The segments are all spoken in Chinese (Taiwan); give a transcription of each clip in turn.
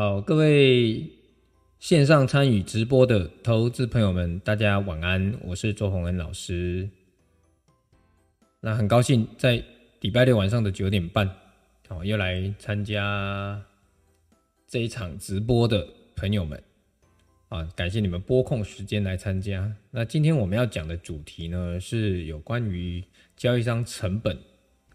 好，各位線上參與直播的投資朋友們，大家晚安，我是周洪恩老師。那很高興在禮拜六晚上的九點半，啊，又來參加這一場直播的朋友們，啊，感謝你們撥空時間來參加。那今天我們要講的主題呢，是有關於交易商成本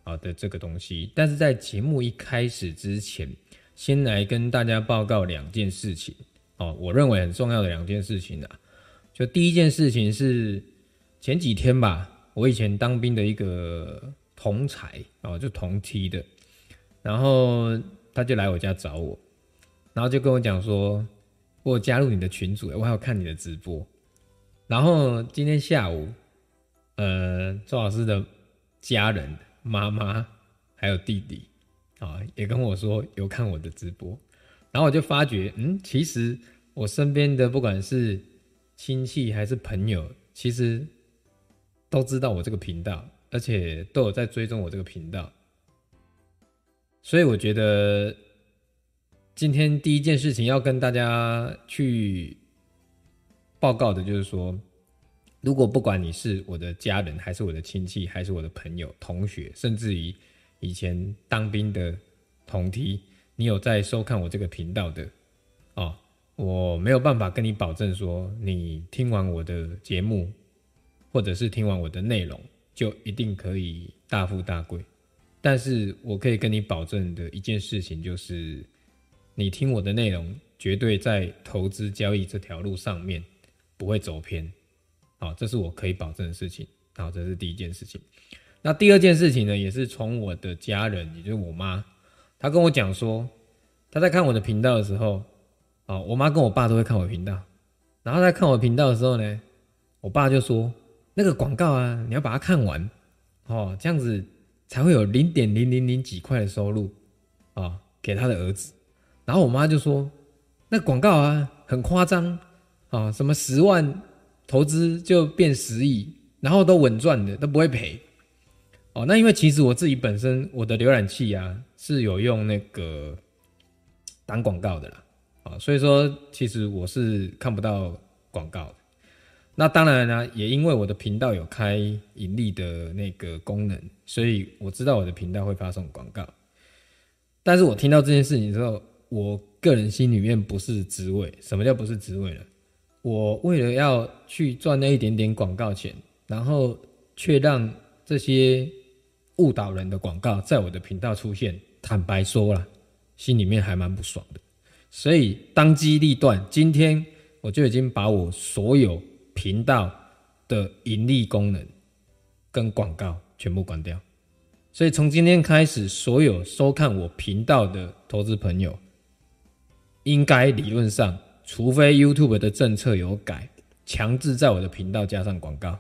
啊的這個東西。但是在節目一開始之前。先來跟大家報告兩件事情哦，我認為很重要的兩件事情啊，就第一件事情是前幾天吧，我以前當兵的一個同儕哦，就同梯的，然後他就來我家找我，然後就跟我講說，我加入你的群組，我還要看你的直播。然後今天下午，呃，周老師的家人媽媽還有弟弟。啊，也跟我說有看我的直播，然後我就發覺，嗯，其實我身邊的不管是親戚還是朋友，其實都知道我這個頻道，而且都有在追蹤我這個頻道，所以我覺得今天第一件事情要跟大家去報告的就是說，如果不管你是我的家人，還是我的親戚，還是我的朋友、同學，甚至於。以前當兵的同梯，你有在收看我這個頻道的哦。我沒有辦法跟你保證說，你聽完我的節目，或者是聽完我的內容，就一定可以大富大貴。但是我可以跟你保證的一件事情，就是你聽我的內容，絕對在投資交易這條路上面不會走偏。好，哦，這是我可以保證的事情。好，哦，這是第一件事情。那第二件事情呢，也是從我的家人，也就是我媽，她跟我講說，她在看我的頻道的時候，啊，我媽跟我爸都會看我頻道，然後在看我頻道的時候呢，我爸就說那個廣告啊，你要把它看完，哦，這樣子才會有零點零零零幾塊的收入，啊，給他的兒子。然後我媽就說，那廣告啊，很誇張，啊，什麼十萬投資就變十億，然後都穩賺的，都不會賠。哦，那因為其實我自己本身我的瀏覽器啊是有用那個擋廣告的啦，啊、哦，所以說其實我是看不到廣告的。那當然呢、啊，也因為我的頻道有開盈利的那個功能，所以我知道我的頻道會發送廣告。但是我聽到這件事情之後，我個人心裡面不是滋味。什麼叫不是滋味呢？我為了要去賺那一點點廣告錢，然後卻讓這些。誤導人的廣告在我的頻道出現，坦白說啦，心裡面還蠻不爽的，所以當機立斷，今天我就已經把我所有頻道的盈利功能跟廣告全部關掉。所以從今天開始，所有收看我頻道的投資朋友，應該理論上，除非 YouTube 的政策有改，強制在我的頻道加上廣告。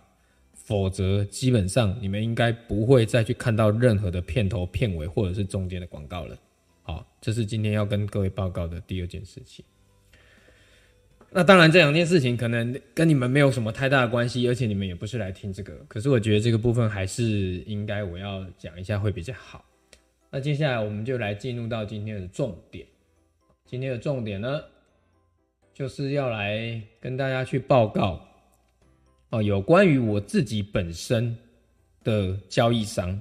否則，基本上你們應該不會再去看到任何的片頭、片尾或者是中間的廣告了。好，這是今天要跟各位報告的第二件事情。那當然，這兩件事情可能跟你們沒有什麼太大的關係，而且你們也不是來聽這個。可是，我覺得這個部分還是應該我要講一下會比較好。那接下來，我們就來進入到今天的重點。今天的重點呢，就是要來跟大家去報告。有關於我自己本身的交易商，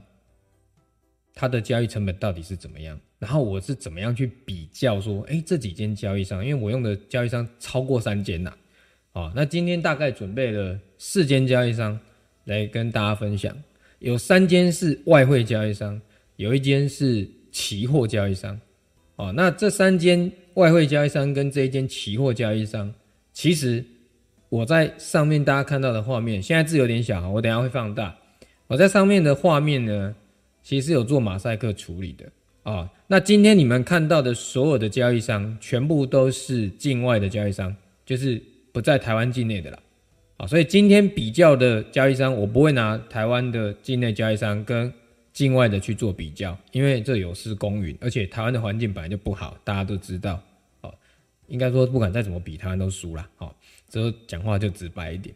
他的交易成本到底是怎麼樣？然後我是怎麼樣去比較說，哎，這幾間交易商，因為我用的交易商超過三間啊。哦，那今天大概準備了四間交易商來跟大家分享，有三間是外匯交易商，有一間是期貨交易商。哦，那這三間外匯交易商跟這一間期貨交易商，其實。我在上面大家看到的畫面，現在字有點小，我等下會放大。我在上面的畫面呢，其實有做馬賽克處理的啊、哦。那今天你們看到的所有的交易商，全部都是境外的交易商，就是不在台灣境內的啦、哦，所以今天比較的交易商，我不會拿台灣的境內交易商跟境外的去做比較，因為這有失公允，而且台灣的環境本來就不好，大家都知道、哦、應該說，不管再怎麼比，台灣都輸了，好、哦。之後講話就直白一點。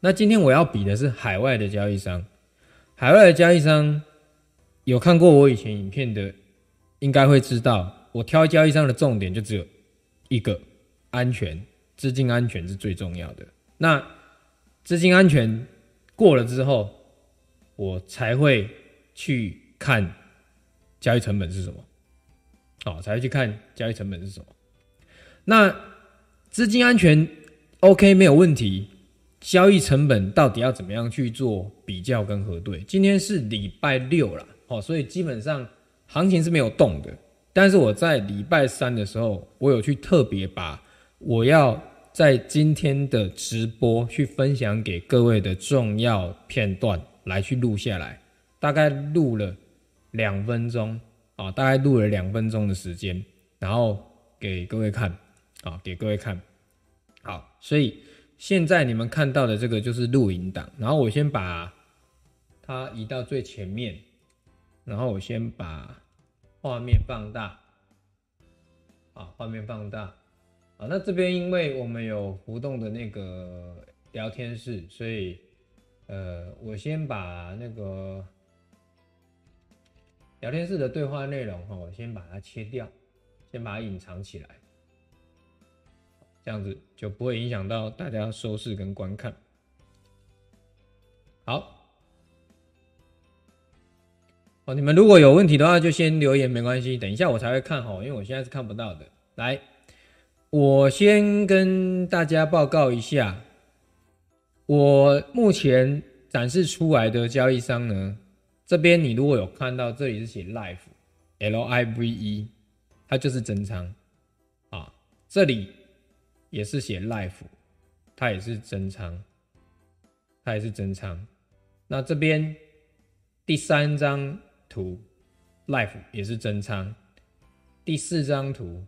那今天我要比的是海外的交易商，海外的交易商有看過我以前影片的，應該會知道我挑交易商的重點就只有一個，安全，資金安全是最重要的。那資金安全過了之後，我才會去看交易成本是什麼，好，才會去看交易成本是什麼。那資金安全。OK，沒有問題。交易成本到底要怎麼樣去做比較跟核對？今天是禮拜六啦，哦，所以基本上行情是沒有動的。但是我在禮拜三的時候，我有去特別把我要在今天的直播去分享給各位的重要片段來去錄下來，大概錄了兩分鐘啊、哦，大概錄了兩分鐘的時間，然後給各位看啊、哦，給各位看。好，所以現在你們看到的這個就是錄影檔。然後我先把它移到最前面，然後我先把畫面放大，好，畫面放大，好，那這邊因為我們有浮動的那個聊天室，所以呃，我先把那個聊天室的對話內容哈，我先把它切掉，先把它隱藏起來。這樣子就不會影響到大家收視跟觀看。好，哦，你們如果有問題的話，就先留言，沒關係，等一下我才會看好，因為我現在是看不到的。來，我先跟大家報告一下，我目前展示出來的交易商呢，這邊你如果有看到，這裡是寫 live L I V E，它就是真倉啊，這裡。也是寫 live，它也是增倉，它也是增倉。那這邊第三張圖 live 也是增倉，第四張圖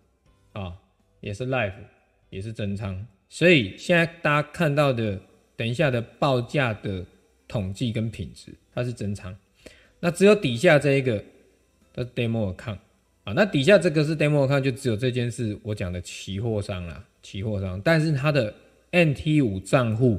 啊、哦、也是 live 也是增倉。所以現在大家看到的，等一下的報價的統計跟品質，它是增倉。那只有底下這一個這是 demo account 啊，那底下這個是 demo account，就只有這件事我講的期貨商了。期貨商，但是他的 MT5 賬戶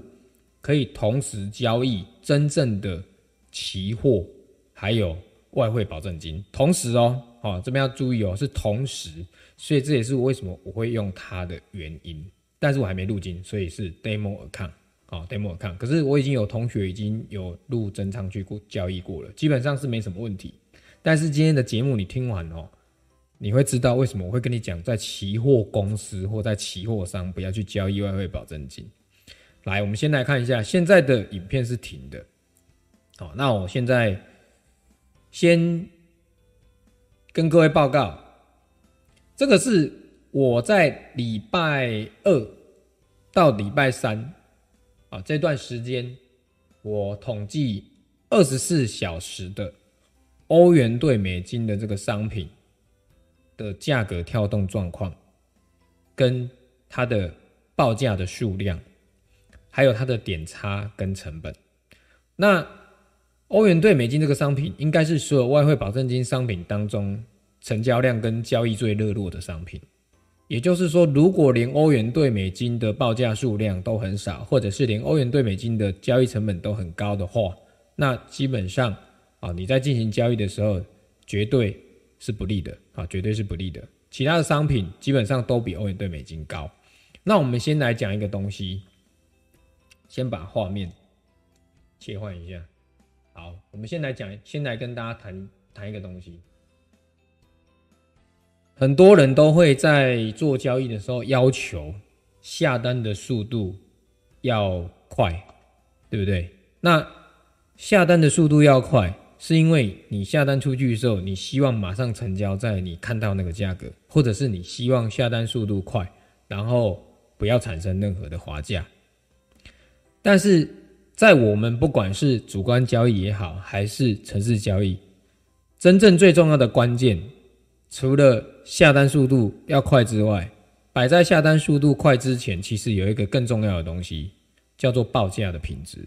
可以同時交易真正的期貨，還有外匯保證金。同時哦、喔，好、喔、這邊要注意哦、喔，是同時，所以這也是為什麼我會用它的原因。但是我還沒入金，所以是 demo account 好、喔、demo account。可是我已經有同學已經有入真倉去過交易過了，基本上是沒什麼問題。但是今天的節目你聽完哦、喔。你會知道為什麼我會跟你講，在期貨公司或在期貨商不要去交易外匯保證金。來，我們先來看一下，現在的影片是停的。好，那我現在先跟各位報告，這個是我在禮拜二到禮拜三啊這段時間，我統計二十四小時的歐元兌美金的這個商品，的價格跳動狀況，跟它的報價的數量，還有它的點差跟成本。那歐元兌美金這個商品，應該是所有外匯保證金商品當中成交量跟交易最熱絡的商品。也就是說，如果連歐元兌美金的報價數量都很少，或者是連歐元兌美金的交易成本都很高的話，那基本上啊，你在進行交易的時候絕對。是不利的啊，絕對是不利的。其他的商品基本上都比歐元兌美金高。那我們先來講一個東西，先把畫面切換一下。好，我們先來講，先來跟大家談談一個東西。很多人都會在做交易的時候要求下單的速度要快，對不對？那下單的速度要快。是因為你下單出去的時候，你希望馬上成交，在你看到那個價格，或者是你希望下單速度快，然後不要產生任何的滑價。但是在我們不管是主觀交易也好，還是程式交易，真正最重要的關鍵，除了下單速度要快之外，擺在下單速度快之前，其實有一個更重要的東西，叫做報價的品質。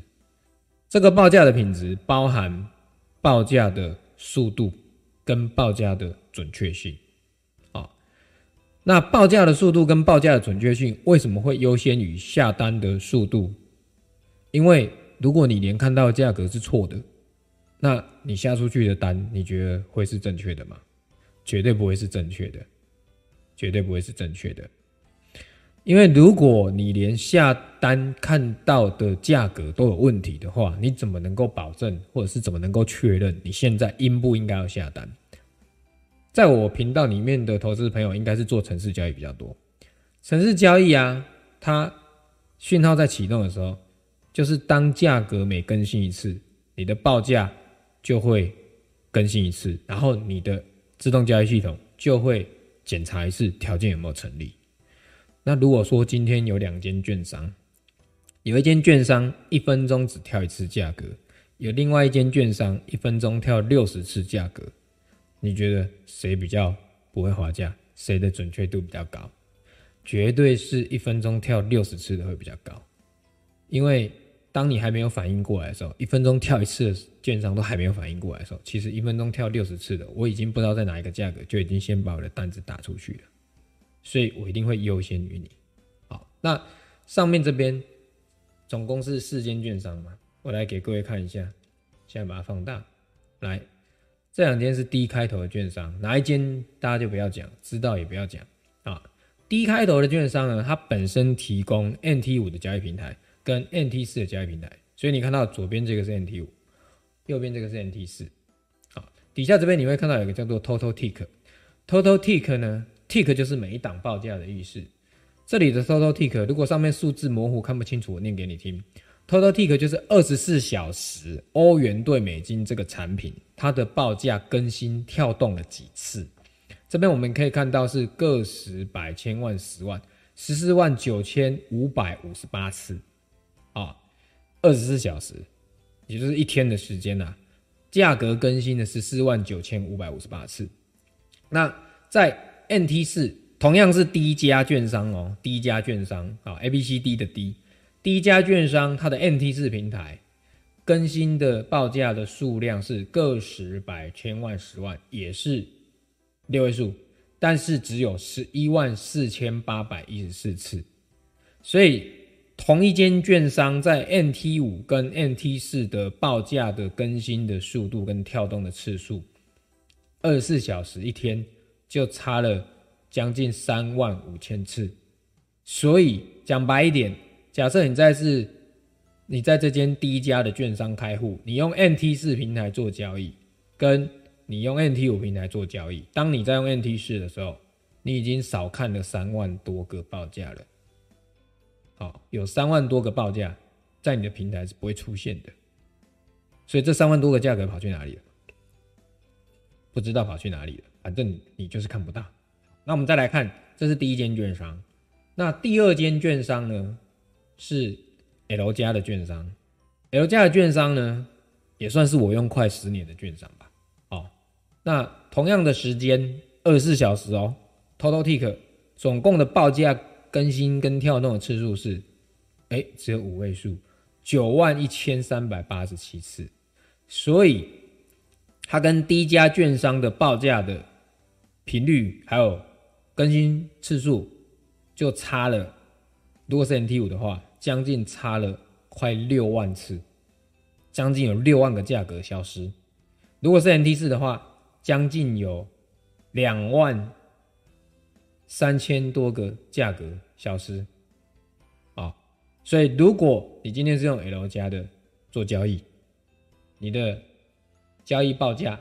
這個報價的品質包含。報價的速度跟報價的準確性，啊、哦，那報價的速度跟報價的準確性為什麼會優先於下單的速度？因為如果你連看到價格是錯的，那你下出去的單，你覺得會是正確的嗎？絕對不會是正確的，絕對不會是正確的。因為如果你連下單看到的價格都有問題的話，你怎麼能夠保證，或者是怎麼能夠確認你現在應不應該要下單？在我頻道裡面的投資朋友應該是做程式交易比較多。程式交易啊，它訊號在啟動的時候，就是當價格每更新一次，你的報價就會更新一次，然後你的自動交易系統就會檢查一次條件有沒有成立。那如果說今天有兩間券商，有一間券商一分鐘只跳一次價格，有另外一間券商一分鐘跳六十次價格，你覺得誰比較不會滑價？誰的準確度比較高？絕對是一分鐘跳六十次的會比較高，因為當你還沒有反應過來的時候，一分鐘跳一次的券商都還沒有反應過來的時候，其實一分鐘跳六十次的，我已經不知道在哪一個價格，就已經先把我的單子打出去了。所以我一定會優先於你，好，那上面這邊總共是四間券商嘛，我來給各位看一下，現在把它放大，來，這兩間是 D 開頭的券商，哪一間大家就不要講，知道也不要講啊。D 開頭的券商呢，它本身提供 MT 五的交易平台跟 MT 四的交易平台，所以你看到左邊這個是 MT 五，右邊這個是 MT 四，好，底下這邊你會看到有一個叫做 Total Tick，Total Tick 呢。tick 就是每一檔報價的意思，這裡的 total tick 如果上面數字模糊看不清楚，我念給你聽。total tick 就是二十四小時歐元兌美金這個產品，它的報價更新跳動了幾次。這邊我們可以看到是個十百千萬十萬十四萬九千五百五十八次啊，二十四小時也就是一天的時間啊，價格更新了十四萬九千五百五十八次。那在 MT 四同樣是 D 加券商哦、喔，D 加券商啊，A B C D 的 D，D 加券商它的 MT 四平台更新的報價的數量是個十百千萬十萬，也是六位數，但是只有十一萬四千八百一十四次，所以同一間券商在 MT 五跟 MT 四的報價的更新的速度跟跳動的次數，二十四小時一天。就差了將近三萬五千次，所以講白一點，假設你在是，你在這間第一家的券商開戶，你用 MT4 平台做交易，跟你用 MT5 平台做交易，當你在用 MT4 的時候，你已經少看了三萬多個報價了。好，有三萬多個報價在你的平台是不會出現的，所以這三萬多個價格跑去哪裡了？不知道跑去哪裡了。反正你就是看不到。那我們再來看，這是第一間券商。那第二間券商呢，是 L 家的券商 L。L 家的券商呢，也算是我用快十年的券商吧。哦，那同樣的時間，二十四小時哦、喔，Total Tick 總共的報價更新跟跳動的次數是，哎，只有五位數，九萬一千三百八十七次。所以它跟 D 家券商的報價的。頻率還有更新次數就差了，如果是 N T 五的話，將近差了快六萬次，將近有六萬個價格消失；如果是 N T 四的話，將近有兩萬三千多個價格消失啊。所以，如果你今天是用 L 加的做交易，你的交易報價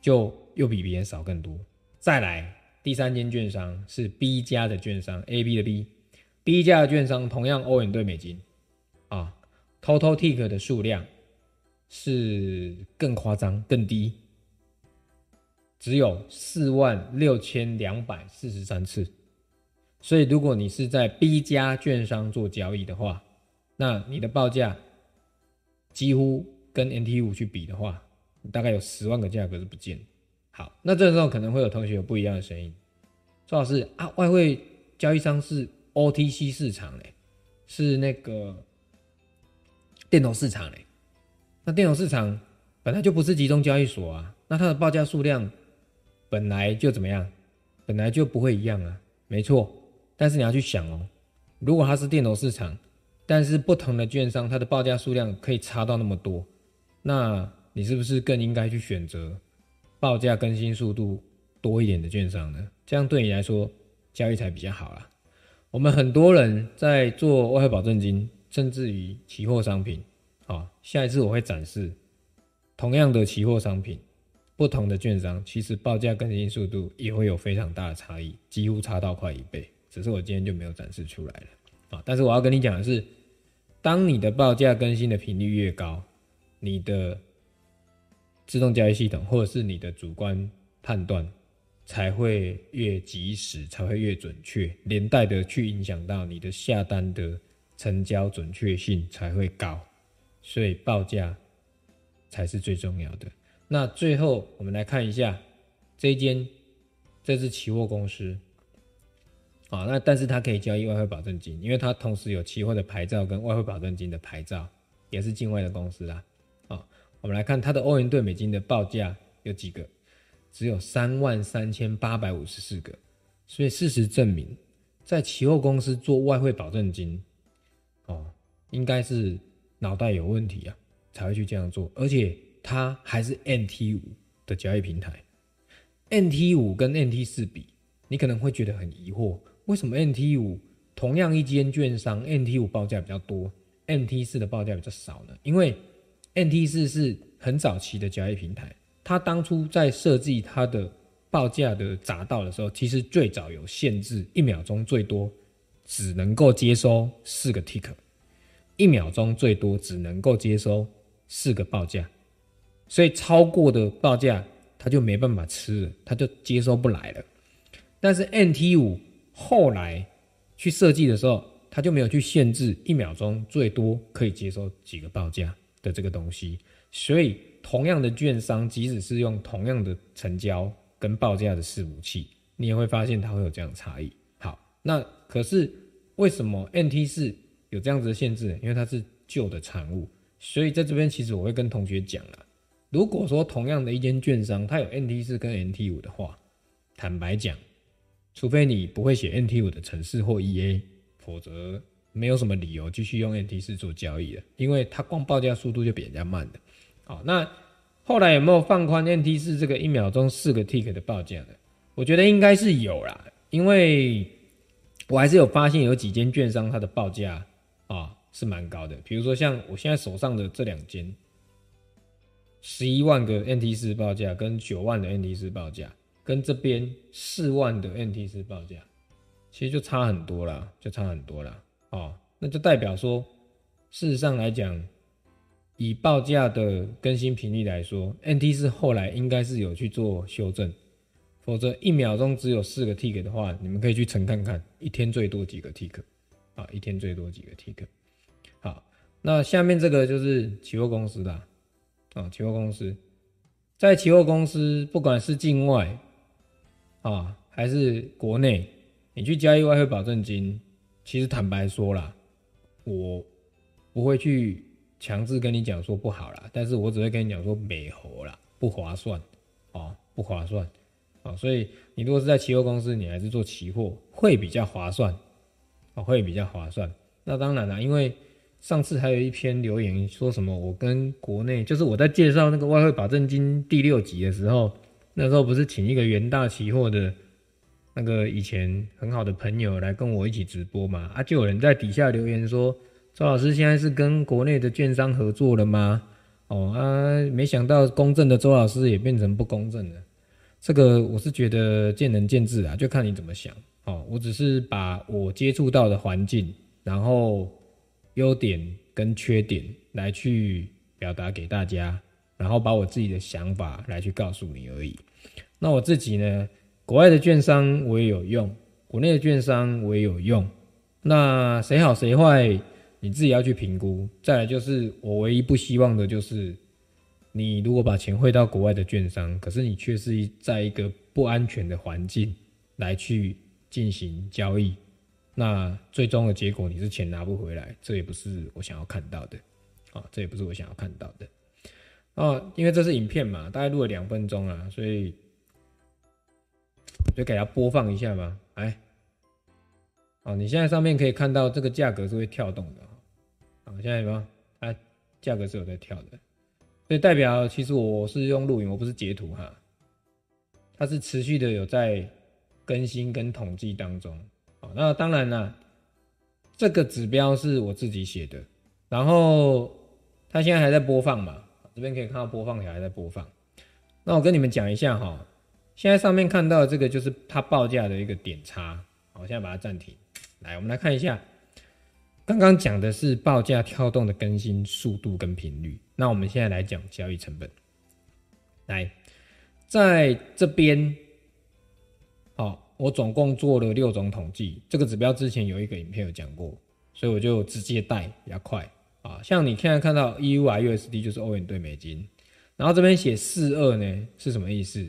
就。又比別人少更多。再來，第三間券商是 B 加的券商，A B 的 B，B 加的券商同樣歐元兌美金啊，Total Tick 的數量是更誇張更低，只有四萬六千兩百四十三次。所以如果你是在 B 加券商做交易的話，那你的報價幾乎跟 NT 五去比的話，大概有十萬個價格是不見的。好，那這時候可能會有同學有不一樣的聲音，趙老師啊，外匯交易商是 OTC 市場嘞，是那個店頭市場嘞，那店頭市場本來就不是集中交易所啊，那它的報價數量本來就怎麼樣，本來就不會一樣啊，沒錯。但是你要去想哦、喔，如果它是店頭市場，但是不同的券商它的報價數量可以差到那麼多，那你是不是更應該去選擇？報價更新速度多一點的券商呢，這樣對你來說交易才比較好啦。我們很多人在做外匯保證金，甚至於期貨商品，哦，下一次我會展示同樣的期貨商品，不同的券商其實報價更新速度也會有非常大的差異，幾乎差到快一倍，只是我今天就沒有展示出來了啊，哦。但是我要跟你講的是，當你的報價更新的頻率越高，你的。自動交易系統，或者是你的主觀判斷，才會越及時，才會越準確，連帶的去影響到你的下單的成交準確性才會高，所以報價才是最重要的。那最後我們來看一下這間，這是期貨公司，啊，那但是它可以交易外匯保證金，因為它同時有期貨的牌照跟外匯保證金的牌照，也是境外的公司啊。我們來看它的歐元兌美金的報價有幾個，只有三萬三千八百五十四個。所以事實證明，在期貨公司做外匯保證金，哦，應該是腦袋有問題啊，才會去這樣做。而且它還是 MT 五的交易平台，MT 五跟 MT 四比，你可能會覺得很疑惑，為什麼 MT 五同樣一間券商，MT 五報價比較多，MT 四的報價比較少呢？因為 MT4 是很早期的交易平台，它當初在設計它的報價的閘道的時候，其實最早有限制，一秒鐘最多只能夠接收四個 tick，一秒鐘最多只能夠接收四個報價，所以超過的報價它就沒辦法吃了，它就接收不來了。但是 MT5 後來去設計的時候，它就沒有去限制一秒鐘最多可以接收幾個報價。的這個東西，所以同樣的券商，即使是用同樣的成交跟報價的伺服器，你也會發現它會有這樣的差異。好，那可是為什麼 MT4 有這樣子的限制？因為它是舊的產物，所以在這邊其實我會跟同學講啊，如果說同樣的一間券商它有 MT4 跟 MT5 的話，坦白講，除非你不會寫 MT5 的程式或 EA，否則沒有什麼理由繼續用 MT4 做交易了，因為它光報價速度就比人家慢的。好、哦，那後來有沒有放寬 MT4 這個一秒鐘四個 tick 的報價呢？我覺得應該是有啦，因為我還是有發現有幾間券商它的報價啊、哦、是蠻高的，比如說像我現在手上的這兩間，十一萬個 MT4 報價跟九萬的 MT4 報價跟這邊四萬的 MT4 報價，其實就差很多啦，就差很多啦。哦，那就代表說，事實上來講，以報價的更新頻率來說，MT 是後來應該是有去做修正，否則一秒鐘只有四個 tick 的話，你們可以去乘看看，一天最多幾個 tick 啊？一天最多幾個 tick？好，那下面這個就是期貨公司啦。啊，期貨公司，在期貨公司不管是境外啊還是國內，你去交易外匯保證金。其實坦白說啦，我不會去強制跟你講說不好啦，但是我只會跟你講說美猴啦，不划算哦，不划算啊，哦，所以你如果是在期貨公司，你還是做期貨會比較划算哦，會比較划算。那當然啦，因為上次還有一篇留言說什麼，我跟國內就是我在介紹那個外匯保證金第六集的時候，那時候不是請一個元大期貨的。那個以前很好的朋友來跟我一起直播嘛，啊，就有人在底下留言說：“周老師現在是跟國內的券商合作了嗎？”哦啊，沒想到公正的周老師也變成不公正了。這個我是覺得見仁見智啊，就看你怎麼想。哦，我只是把我接觸到的環境，然後優點跟缺點來去表達給大家，然後把我自己的想法來去告訴你而已。那我自己呢？國外的券商我也有用，國內的券商我也有用。那誰好誰壞，你自己要去評估。再來就是，我唯一不希望的就是，你如果把錢匯到國外的券商，可是你卻是在一個不安全的環境來去進行交易，那最終的結果你是錢拿不回來，這也不是我想要看到的。啊，這也不是我想要看到的。哦，啊，因為這是影片嘛，大概錄了兩分鐘啊，所以。就給它播放一下嘛，哎，哦，你現在上面可以看到這個價格是會跳動的，好，現在有沒有？它、啊、價格是有在跳的，所以代表其實我是用錄影，我不是截圖哈，它是持續的有在更新跟統計當中，好，那當然了、啊，這個指標是我自己寫的，然後它現在還在播放嘛，這邊可以看到播放條還在播放，那我跟你們講一下哈。現在上面看到的這個就是它報價的一個點差。好，我現在把它暫停。來，我們來看一下，剛剛講的是報價跳動的更新速度跟頻率。那我們現在來講交易成本。來，在這邊，好、哦，我總共做了六種統計。這個指標之前有一個影片有講過，所以我就直接帶比較快啊。像你現在看到 E U R U S D 就是歐元對美金，然後這邊寫四二呢是什麼意思？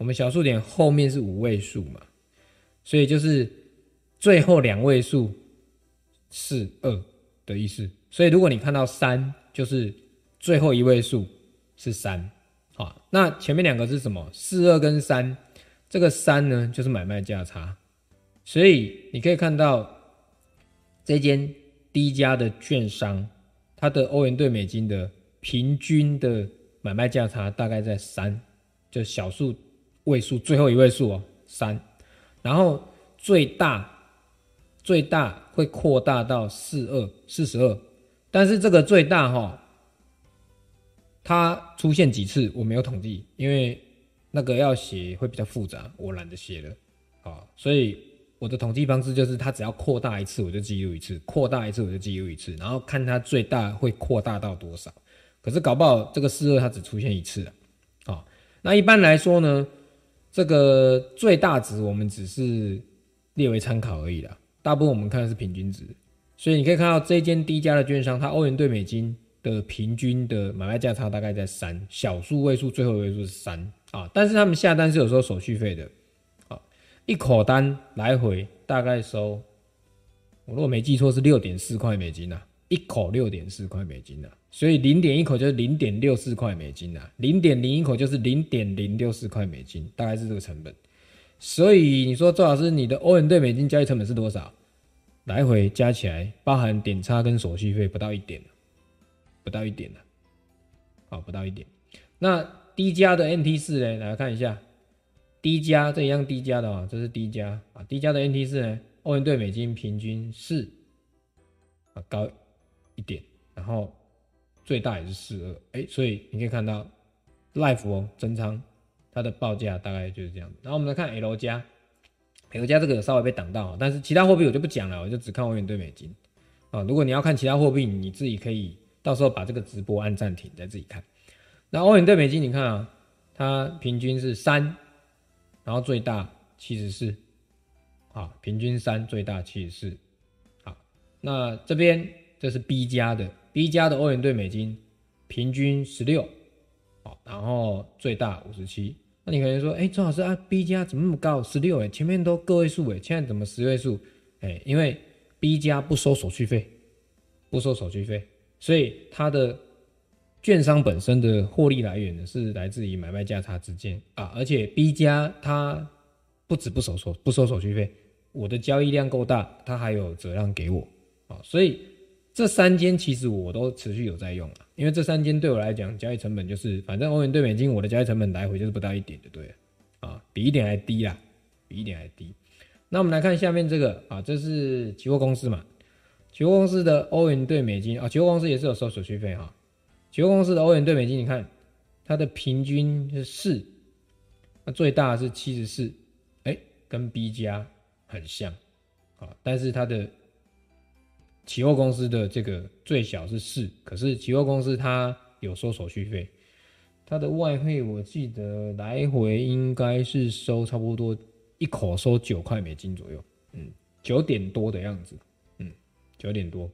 我們小數點後面是五位數嘛，所以就是最後兩位數四二的意思。所以如果你看到三，就是最後一位數是三，好，那前面兩個是什麼？四二跟三，這個三呢就是買賣價差。所以你可以看到這間低價的券商，它的歐元兌美金的平均的買賣價差大概在三，就小數。位數最後一位數哦、喔，三，然後最大最大會擴大到四二四十二，但是這個最大哈、喔，它出現幾次我沒有統計，因為那個要寫會比較複雜，我懶得寫了啊，所以我的統計方式就是它只要擴大一次我就記錄一次，擴大一次我就記錄一次，然後看它最大會擴大到多少，可是搞不好這個四二它只出現一次啊，那一般來說呢？這個最大值我們只是列為參考而已啦，大部分我們看的是平均值，所以你可以看到這間低價的券商，它歐元兌美金的平均的買賣價差大概在三小數位數，最後一位數是三啊，但是他們下單是有收手續費的，啊，一口單來回大概收，我如果沒記錯是六點四塊美金吶、啊，一口六點四塊美金吶、啊。所以零點一口就是零點六四塊美金啊零點零一口就是零點零六四塊美金，大概是這個成本。所以你說趙老師，你的歐元兌美金交易成本是多少？來回加起來，包含點差跟手續費，不到一點不到一點了，啊，不到一點。那低加的 N T 四呢？來看一下，低加這一樣低加的哦、喔，這、就是低加啊，低加的 N T 四呢，歐元兌美金平均是高一點，然後。最大也是四二，哎，所以你可以看到，Life 哦增倉它的報價大概就是這樣。然後我們來看 L 家，L 家這個稍微被擋到，但是其他貨幣我就不講了，我就只看歐元兌美金啊。如果你要看其他貨幣，你自己可以到時候把這個直播按暫停，再自己看。那歐元兌美金，你看啊，它平均是三，然後最大七十四，好，平均三，最大七十四，好。那這邊這是 B 家的。B 加的歐元兌美金平均十六，然後最大五十七。那你可能說，哎、欸，周老師啊，B 加怎麼那麼高，十六哎，前面都個位數哎，現在怎麼十位數？哎、欸，因為 B 加不收手續費，不收手續費，所以它的券商本身的獲利來源呢，是來自於買賣價差之間啊。而且 B 加它不止不收手，不收手續費，我的交易量夠大，它還有折讓給我啊，所以。這三間其實我都持續有在用啊，因為這三間對我來講交易成本就是，反正歐元兌美金我的交易成本來回就是不到一點就對了，啊，比一點還低啦，比一點還低。那我們來看下面這個啊，這是期貨公司嘛，期貨公司的歐元兌美金啊，期貨公司也是有收手續費哈，期、啊、期貨公司的歐元兌美金，你看它的平均是四，那最大的是七十四，哎，跟 B 加很像啊，但是它的。期貨公司的這個最小是四，可是期貨公司它有收手續費，它的外匯我記得來回應該是收差不多一口收九塊美金左右，嗯，九點多的樣子，嗯，九點多。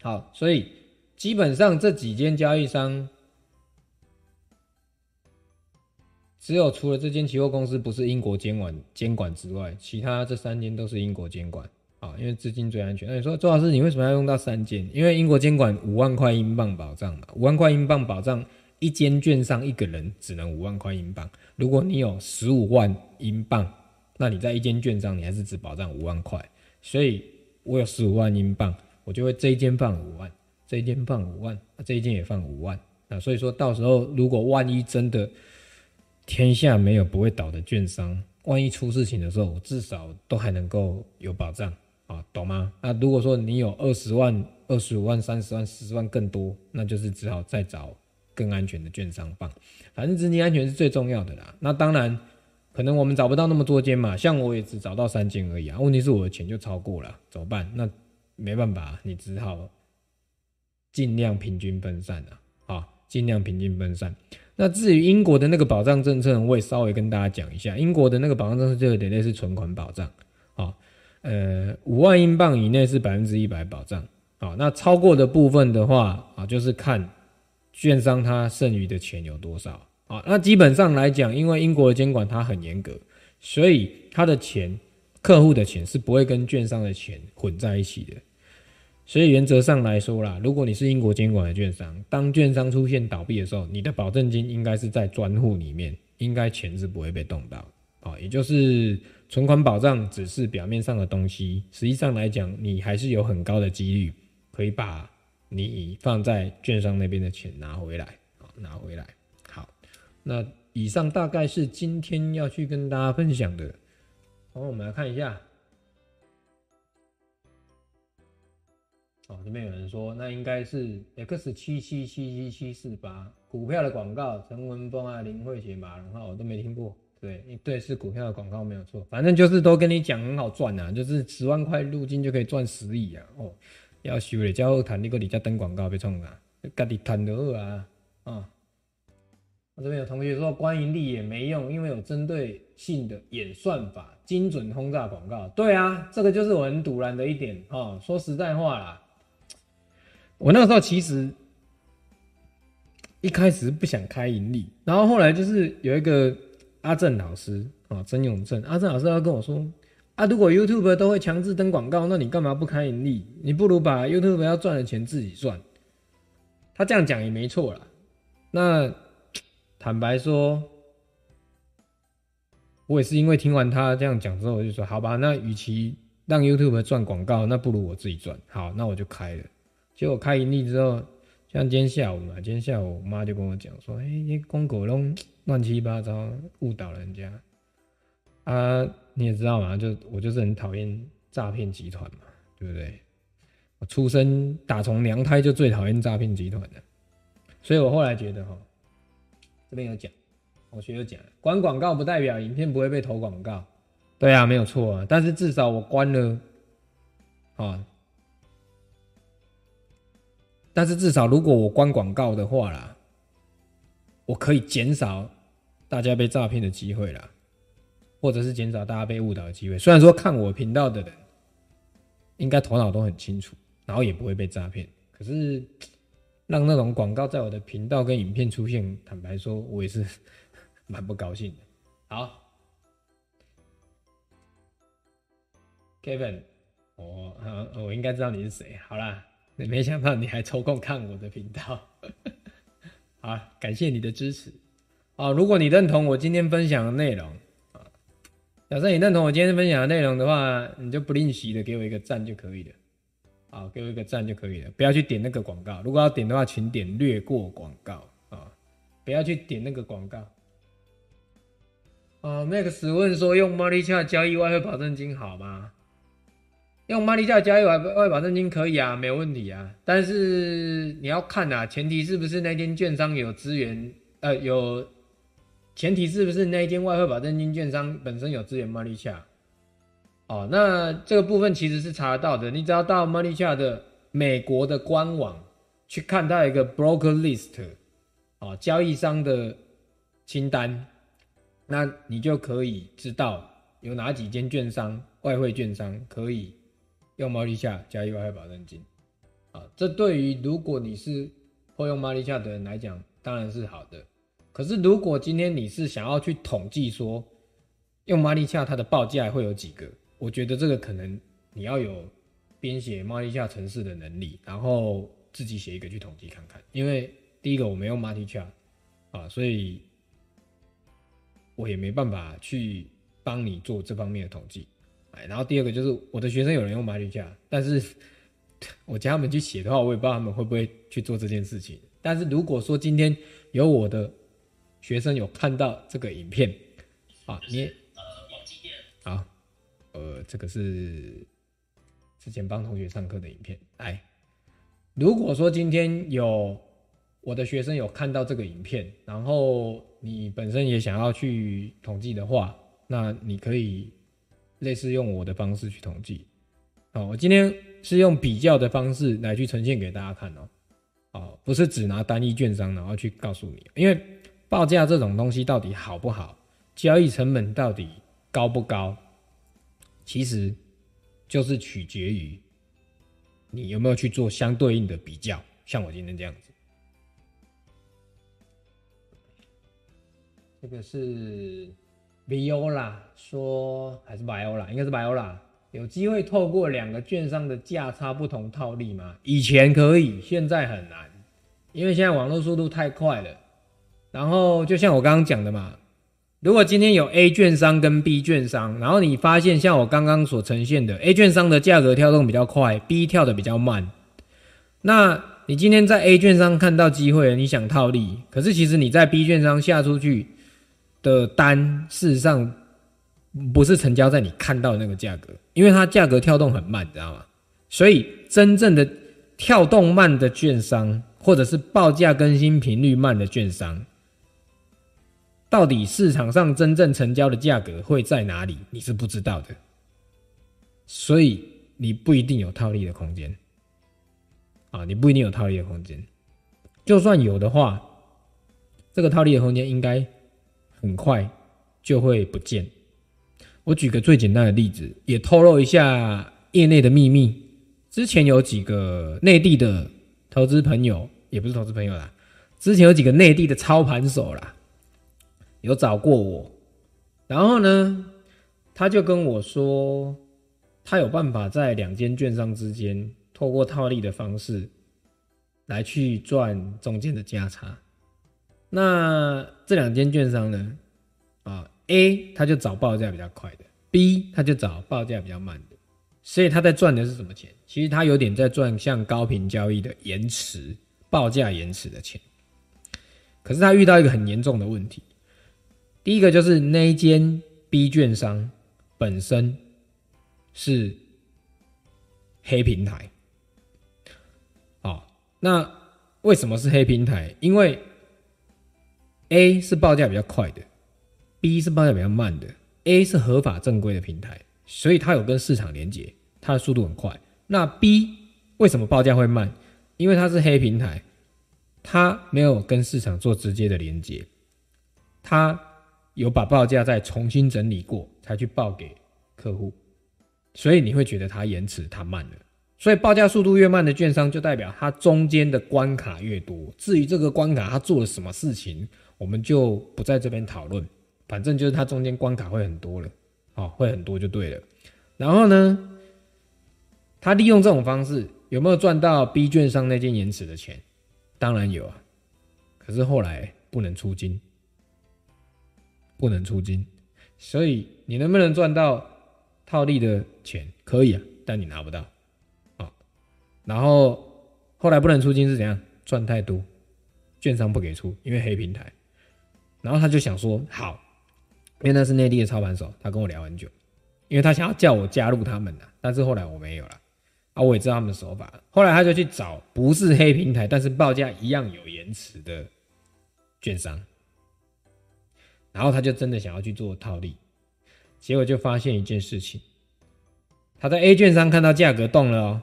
好，所以基本上這幾間交易商，只有除了這間期貨公司不是英國監管監管之外，其他這三間都是英國監管。啊，因為資金最安全。那你說周老師，你為什麼要用到三間？因為英國監管五萬塊英鎊保障嘛，五萬塊英鎊保障一間券商，一個人只能五萬塊英鎊。如果你有十五萬英鎊，那你在一間券商，你還是只保障五萬塊。所以我有十五萬英鎊，我就會這一間放五萬，這一間放五萬，這一間也放五萬。啊，所以說到時候如果萬一真的天下沒有不會倒的券商，萬一出事情的時候，我至少都還能夠有保障。懂嗎？那，啊，如果說你有二十萬、二十五萬、三十萬、四十萬更多，那就是只好再找更安全的券商放，反正資金安全是最重要的啦。那當然，可能我們找不到那麼多間嘛，像我也只找到三間而已啊。問題是我的錢就超過了，怎麼辦？那沒辦法，你只好盡量平均分散啊，好，盡量平均分散。那至於英國的那個保障政策，我也稍微跟大家講一下。英國的那個保障政策就有點類似存款保障，啊。呃，五萬英鎊以內是百分之一百保障，好，哦，那超過的部分的話，啊、哦，就是看券商它剩餘的錢有多少，啊、哦，那基本上來講，因為英國的監管它很嚴格，所以它的錢，客戶的錢是不會跟券商的錢混在一起的，所以原則上來說啦，如果你是英國監管的券商，當券商出現倒閉的時候，你的保證金應該是在專戶裡面，應該錢是不會被動到，啊、哦，也就是。存款保障只是表面上的東西，實際上來講，你還是有很高的幾率可以把你放在券商那邊的錢拿回來，哦，拿回來。好，那以上大概是今天要去跟大家分享的。好，哦，我們來看一下。哦，這邊有人說，那應該是 X 七七七七七四八股票的廣告，陳文峰啊、林慧雪、馬然浩，我都沒聽過。對，對，是股票的廣告沒有錯，反正就是都跟你講很好賺啊，就是十萬塊入金就可以賺十億啊！哦，要虛偽，叫後談一個你家登廣告別創啊，家己談就好啊啊！我、哦、這邊有同學說關營利也沒用，因為有針對性的演算法，精準轟炸廣告。對啊，這個就是我很賭爛的一點哈、哦。說實在話啦，我那時候其實一開始不想開營利，然後後來就是有一個。阿正老師啊，曾永正，阿正老師他跟我說啊，如果 YouTube 都會強制登廣告，那你幹嘛不開盈利？你不如把 YouTube 要賺的錢自己賺。他這樣講也沒錯啦。那坦白說，我也是因為聽完他這樣講之後，我就說好吧，那與其讓 YouTube 賺廣告，那不如我自己賺。好，那我就開了。結果開盈利之後。像今天下午嘛，今天下午我媽就跟我講說，哎、欸，這公狗攏亂七八糟，誤導人家。啊，你也知道嘛，就我就是很討厭詐騙集團嘛，對不對？我出生打從娘胎就最討厭詐騙集團的，所以我後來覺得哈，這邊有講，我學有講，關廣告不代表影片不會被投廣告，對啊，沒有錯、啊，但是至少我關了，啊。但是至少，如果我關廣告的話啦，我可以減少大家被詐騙的機會啦，或者是減少大家被誤導的機會。雖然說看我頻道的人應該頭腦都很清楚，然後也不會被詐騙，可是讓那種廣告在我的頻道跟影片出現，坦白說，我也是蠻不高興的。好，Kevin，我好我應該知道你是誰。好啦。沒想到你還抽空看我的頻道， 好，感謝你的支持啊！如果你認同我今天分享的內容啊，假設你認同我今天分享的內容的話，你就不吝惜的給我一個讚就可以了。好，給我一個讚就可以了，不要去點那個廣告，如果要點的話，請點略過廣告啊，不要去點那個廣告。啊，Max、那個、問說用 money 貓幣俏交易外匯保證金好嗎？用 money 利交易外外保證金可以啊，沒有問題啊。但是你要看啊，前提是不是那間券商有資源？呃，有前提是不是那一間外匯保證金券商本身有資源？money 亞。哦，那這個部分其實是查得到的。你只要到 money 亞的美國的官網去看，它有一個 broker list 哦，交易商的清單。那你就可以知道有哪幾間券商，外匯券商可以。用馬利下加意外保證金，啊，這對於如果你是會用馬利下的人來講，當然是好的。可是如果今天你是想要去統計說用馬利下它的報價會有幾個，我覺得這個可能你要有編寫馬利下程式的能力，然後自己寫一個去統計看看。因為第一個我沒用馬利下啊，所以我也沒辦法去幫你做這方面的統計。哎，然後第二個就是我的學生有人用馬里亞，但是我教他們去寫的話，我也不知道他們會不會去做這件事情。但是如果說今天有我的學生有看到這個影片，啊，你呃，好，啊，呃，這個是之前幫同學上課的影片。哎，如果說今天有我的學生有看到這個影片，然後你本身也想要去統計的話，那你可以。類似用我的方式去統計，哦，我今天是用比較的方式來去呈現給大家看哦，哦，不是只拿單一券商然後去告訴你，因為報價這種東西到底好不好，交易成本到底高不高，其實就是取決於你有沒有去做相對應的比較，像我今天這樣子，這個是。Biola，說還是 Biola，應該是 Biola。有機會透過兩個券商的價差不同套利嗎？以前可以，現在很難，因為現在網絡速度太快了。然後就像我剛剛講的嘛，如果今天有 A 券商跟 B 券商，然後你發現像我剛剛所呈現的，A 券商的價格跳動比較快，B 跳得比較慢，那你今天在 A 券商看到機會，你想套利，可是其實你在 B 券商下出去。的單事實上不是成交在你看到的那個價格，因為它價格跳動很慢，你知道嗎？所以真正的跳動慢的券商或者是報價更新頻率慢的券商，到底市場上真正成交的價格會在哪裡，你是不知道的。所以你不一定有套利的空間啊，你不一定有套利的空間。就算有的話，這個套利的空間應該。很快就會不見。我舉個最簡單的例子，也透露一下業內的秘密。之前有幾個內地的投資朋友，也不是投資朋友啦，之前有幾個內地的操盤手啦，有找過我。然後呢，他就跟我說，他有辦法在兩間券商之間，透過套利的方式，來去賺中間的價差。那這兩間券商呢？啊，A 他就找報價比較快的，B 他就找報價比較慢的。所以他在賺的是什麼錢？其實他有點在賺像高頻交易的延遲報價延遲的錢。可是他遇到一個很嚴重的問題，第一個就是那間 B 券商，本身是黑平台。哦，那為什麼是黑平台？因為 A 是報價比較快的，B 是報價比較慢的。A 是合法正規的平台，所以它有跟市場連接，它的速度很快。那 B 為什麼報價會慢？因為它是黑平台，它沒有跟市場做直接的連接，它有把報價再重新整理過才去報給客戶，所以你會覺得它延遲它慢了。所以報價速度越慢的券商，就代表它中間的關卡越多。至於這個關卡，它做了什麼事情？我們就不在這邊討論，反正就是它中間關卡會很多了，好、哦，會很多就對了。然後呢，他利用這種方式有沒有賺到 B 券商那間延遲的錢？當然有啊，可是後來不能出金，不能出金，所以你能不能賺到套利的錢？可以啊，但你拿不到啊、哦。然後後來不能出金是怎樣？賺太多，券商不給出，因為黑平台。然後他就想說好，因為那是內地的操盤手，他跟我聊很久，因為他想要叫我加入他們了，但是後來我沒有了，啊，我也知道他們的手法。後來他就去找不是黑平台，但是報價一樣有延遲的券商，然後他就真的想要去做套利，結果就發現一件事情，他在 A 券商看到價格動了哦、喔，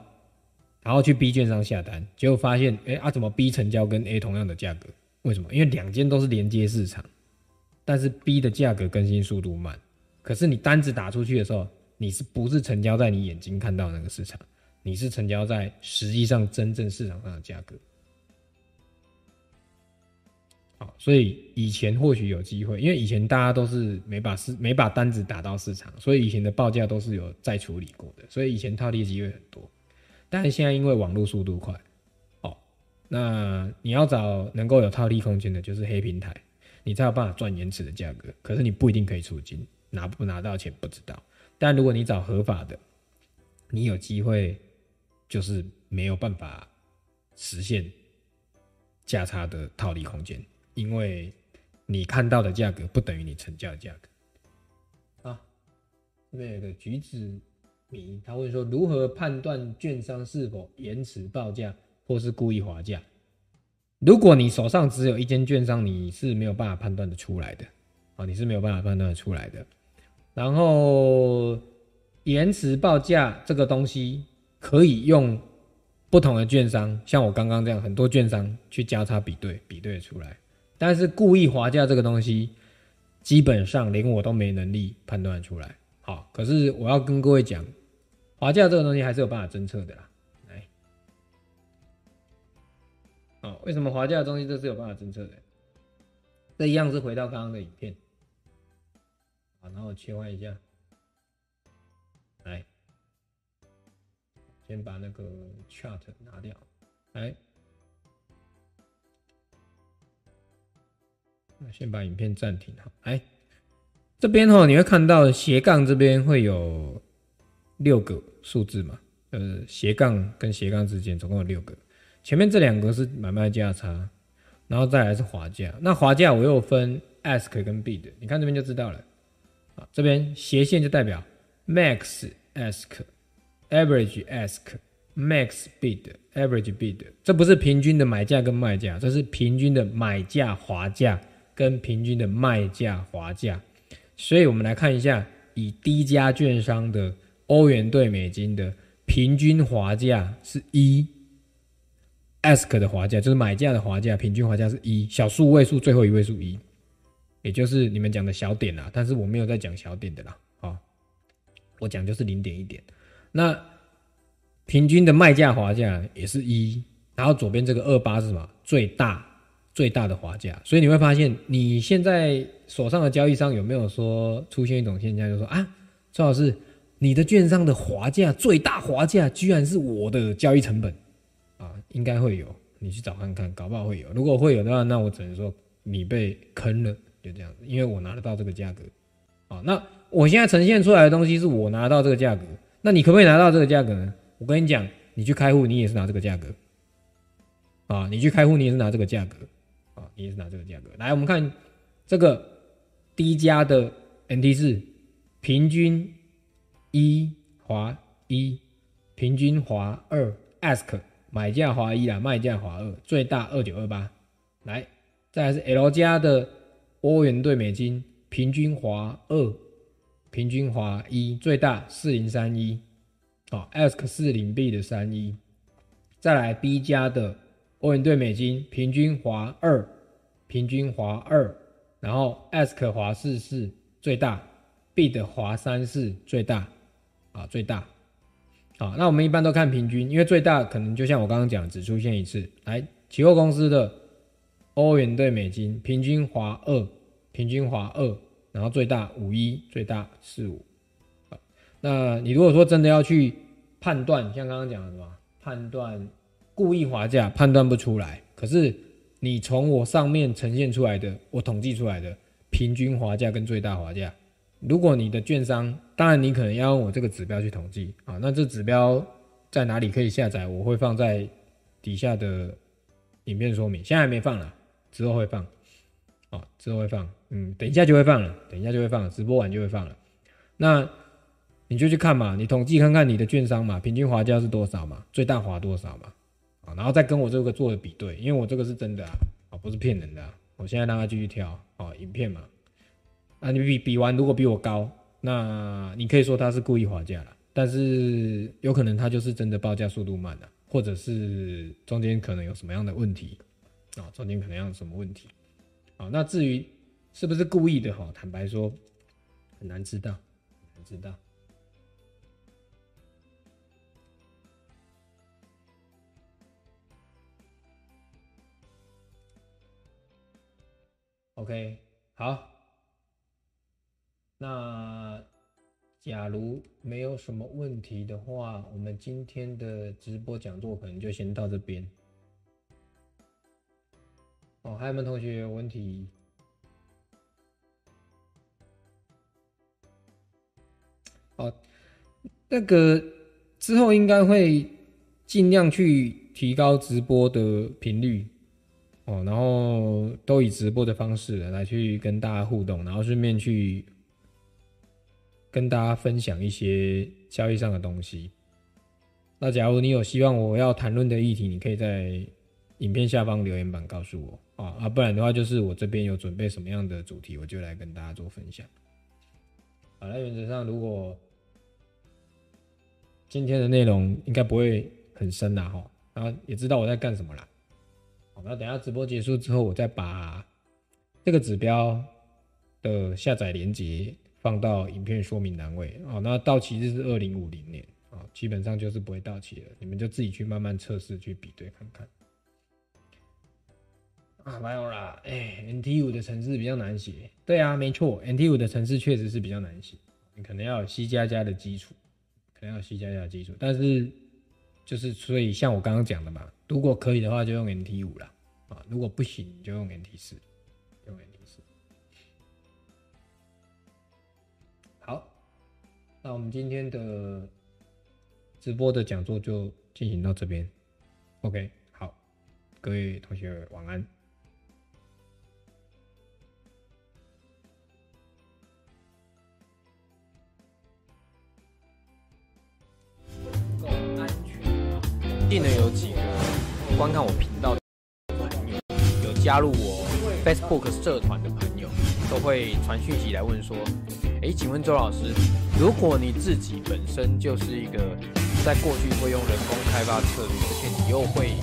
然後去 B 券商下單，結果發現哎啊怎麼 B 成交跟 A 同樣的價格？為什麼？因為兩間都是連接市場，但是 B 的價格更新速度慢。可是你單子打出去的時候，你是不是成交在你眼睛看到的那個市場？你是成交在實際上真正市場上的價格。好，所以以前或許有機會，因為以前大家都是沒把市沒把單子打到市場，所以以前的報價都是有再處理過的，所以以前套利機會很多。但是現在因為網絡速度快。那你要找能夠有套利空間的，就是黑平台，你才有辦法賺延遲的價格。可是你不一定可以出金，拿不拿到錢不知道。但如果你找合法的，你有機會就是沒有辦法實現價差的套利空間，因為你看到的價格不等於你成交的價格。啊，這邊有個橘子迷，他問說如何判斷券商是否延遲報價？或是故意滑價，如果你手上只有一間券商，你是沒有辦法判斷得出來的啊，你是沒有辦法判斷得出來的。然後延遲報價這個東西可以用不同的券商，像我剛剛這樣，很多券商去交叉比對，比對出來。但是故意滑價這個東西，基本上連我都沒能力判斷出來。好，可是我要跟各位講，滑價這個東西還是有辦法偵測的啦。好，為什麼滑價的東西這是有辦法偵測的？這一樣是回到剛剛的影片，好，然後我切換一下，來，先把那個 chart 拿掉，來，那先把影片暫停，好，來，這邊哈，你會看到斜槓這邊會有六個數字嘛？就是斜槓跟斜槓之間總共有六個。前面這兩個是買賣價差，然後再來是滑價。那滑價我又分 ask 跟 bid，你看這邊就知道了。啊，這邊斜線就代表 max ask，average ask，max bid，average bid。Bid 這不是平均的買價跟賣價，這是平均的買價滑價跟平均的賣價滑價。所以我們來看一下，以低價券商，的歐元兌美金的平均滑價是一。Ask 的滑價就是買價的滑價，平均滑價是一小數位數，最後一位數一，也就是你們講的小點啦。但是我沒有在講小點的啦，好、哦，我講就是零點一點。那平均的賣價滑價也是一，然後左邊這個二八是什麼？最大最大的滑價。所以你會發現，你現在手上的交易商有沒有說出現一種現象，就說啊，趙老師，你的券商的滑價最大滑價居然是我的交易成本。應該會有，你去找看看，搞不好會有。如果會有的話，那我只能說你被坑了，就這樣子。因為我拿得到這個價格，啊，那我現在呈現出來的東西是我拿到這個價格，那你可不可以拿到這個價格呢？我跟你講，你去開戶你也是拿這個價格，啊，你去開戶你也是拿這個價格，啊，你也是拿這個價格。來，我們看這個低價的 MT4，平均一滑一，平均滑二 Ask。買價滑一啊，賣價滑二，最大二九二八。來，再來是 L 加的歐元兌美金，平均滑二，平均滑一，最大四零三一。好，ask 四零 b 的三一。再來 B 加的歐元兌美金，平均滑二，平均滑二，然後 ask 滑四是最大，bid 滑三是最大，啊，最大。好，那我們一般都看平均，因為最大可能就像我剛剛講，只出現一次。來，期貨公司的歐元兌美金，平均滑二，平均滑二，然後最大五一，最大四五。好，那你如果說真的要去判斷，像剛剛講的什麼判斷故意滑價判斷不出來，可是你從我上面呈現出來的，我統計出來的平均滑價跟最大滑價。如果你的券商，當然你可能要用我這個指標去統計啊，那這指標在哪裡可以下載？我會放在底下的影片說明，現在還沒放了，之後會放，哦，之後會放，嗯，等一下就會放了，等一下就會放了，直播完就會放了。那你就去看嘛，你統計看看你的券商嘛，平均滑價是多少嘛，最大滑多少嘛，啊、哦，然後再跟我這個做的比對，因為我這個是真的啊，啊、哦，不是騙人的、啊，我現在讓他繼續挑啊、哦，影片嘛。啊，你比，比完，如果比我高，那你可以說他是故意滑價了。但是有可能他就是真的報價速度慢了，或者是中間可能有什麼樣的問題啊、哦，中間可能有什麼問題。啊，那至於是不是故意的哈，坦白說很難知道，很難知道。OK，好。那假如沒有什麼問題的話，我們今天的直播講座可能就先到這邊。哦，還有沒有同學有問題？哦，那個之後應該會盡量去提高直播的頻率。哦，然後都以直播的方式來去跟大家互動，然後順便去。跟大家分享一些交易上的東西。那假如你有希望我要談論的議題，你可以在影片下方留言板告訴我啊啊，不然的話就是我這邊有準備什麼樣的主題，我就來跟大家做分享。好了，原則上如果今天的內容應該不會很深啦哈，然後也知道我在幹什麼啦。那等一下直播結束之後，我再把這個指標的下載連結。放到影片說明欄位哦，那到期日是二零五零年啊、哦，基本上就是不會到期了。你們就自己去慢慢測試，去比對看看啊。沒有啦，哎，MT5 的程式比較難寫。對啊，沒錯，MT5 的程式確實是比較難寫，你可能要有 C 加加的基礎，可能要有 C 加加的基礎。但是就是所以，像我剛剛講的嘛，如果可以的話，就用 MT5 啦啊，如果不行，就用 MT4。那我們今天的直播的講座就進行到這邊，OK，好，各位同學晚安。定得有幾個觀看我頻道的，有加入我 Facebook 社團的朋友。都會傳訊息來問說：“誒，請問周老師，如果你自己本身就是一個在過去會用人工開發策略，而且你又會？”